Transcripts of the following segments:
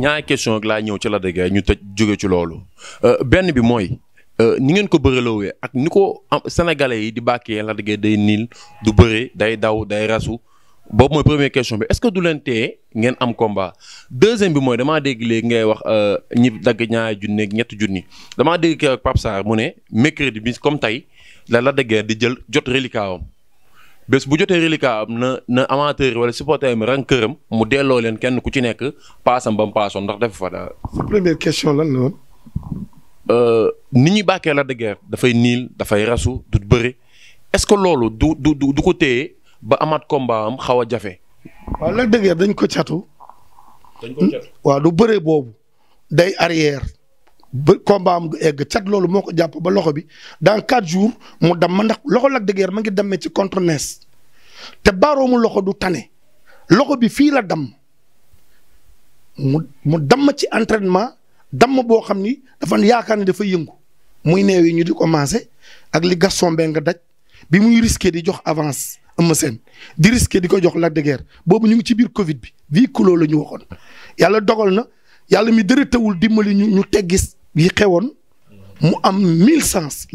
ñaari question ak laa ñëw ci Lac de ñu tëj jóge ci loolu euh, benn bi mooy euh, ni ngeen ko bëreloowee ak ni ko sénégalais yi di bàkkee Lac de day niil du bëree day daw day rasu boobu mooy première question bi est-ce que du leen tee ngeen am combat deuxième bi mooy damaa dégg léegi ngay wax euh, ñi dagg ñaari junni ak ñetti junni damaa dégg kii ak Pape mu ne mercredi bi comme tey la Lac de di jël jot reliquat bés bu jotee reliquat am na na amateur wala supporter mi rang këram mu delloo leen kenn ku ci nekk paasam ba mu paasoon ndax def fa daal. sa première question la woon. Euh, nit ñi bàkkee la guerre dafay niil dafay rasu du bëri est-ce que loolu du du du ko téye ba amaat combat am xaw a jafe. waaw la guerre dañ ko catu. dañ ko catu hmm? du bëree boobu day arrière. ba combat am egg cat loolu moo ko jàpp ba loxo bi dans quatre jour mu dam ma ndax loxo Lac de ma ngi demee ci contre te baaroomu loxo du tane loxo bi fii la dam mu mu ma ci entraînement ma boo xam ni dafa yaakaar ni dafa yëngu muy neew yi ñu di commencé ak li Gaston Mbengue daj bi muy risquer di jox avance Eumeu Sène di risqué di ko jox Lac de boobu ñu ngi ci biir Covid bi bii kuloo la ñu waxoon yàlla dogal na yàlla mi dërëtawul ñu ñu teggis yi xewoon mu am mille sens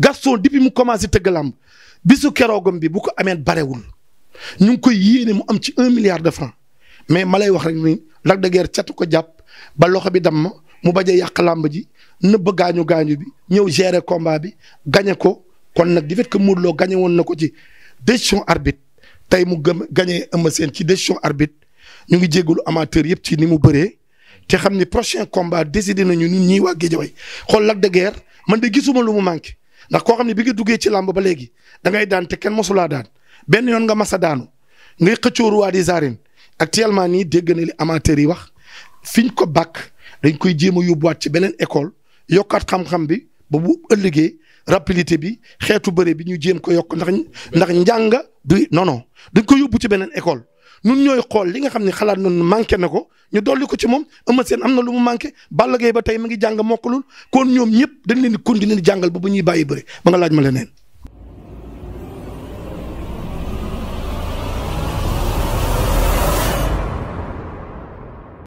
Gaston depuis mu commencé tëgg làmb bisu keroogam bi bu ko amee barewul ñu ngi koy yéene mu am ci un milliard de francs mais ma lay wax rek ni Lac de Guiers ko jàpp ba loxo bi ma mu bañ a yàq làmb ji nëbb gaañu gaañu bi ñëw gere combat bi gañe ko kon nag di fait que Modou gañe woon na ko ci décision arbitre tey mu gëm gañe Eumeu Sène ci décision arbitre ñu ngi jégalu amateur yëpp ci ni mu bëree. te xam ni prochain combat décidé nañu ñun ñii waa Guédiawaye xool Lac de Guiers man de gisuma lu mu manqué ndax koo xam ne bi nga duggee ci làmb ba léegi dangay ngay daan te kenn mosulaa daan benn yoon nga mas a daanu ngay xëccoo roi des arènes actuellement nii dégg na li amateurs yi wax fiñ ko bàkk dañ koy jéem a yóbbuwaat ci beneen école yokkaat xam-xam bi ba bu ëllëgee rapidité bi xeetu bëre bi ñu jéem ko yokk ndax ndax njàng du non non dañ ko yóbbu ci beneen école nun ñooy xool li nga xam ne xalaat noonu manqué na ko ñu dolli ko ci moom Eumeu Sène am na lu mu manqué Balla Gaye ba tey mu ngi jàng mokkalul kon ñoom ñëpp dañ leen di continuer di jàngal ba bu ñuy bàyyi bëre ba nga laaj ma leneen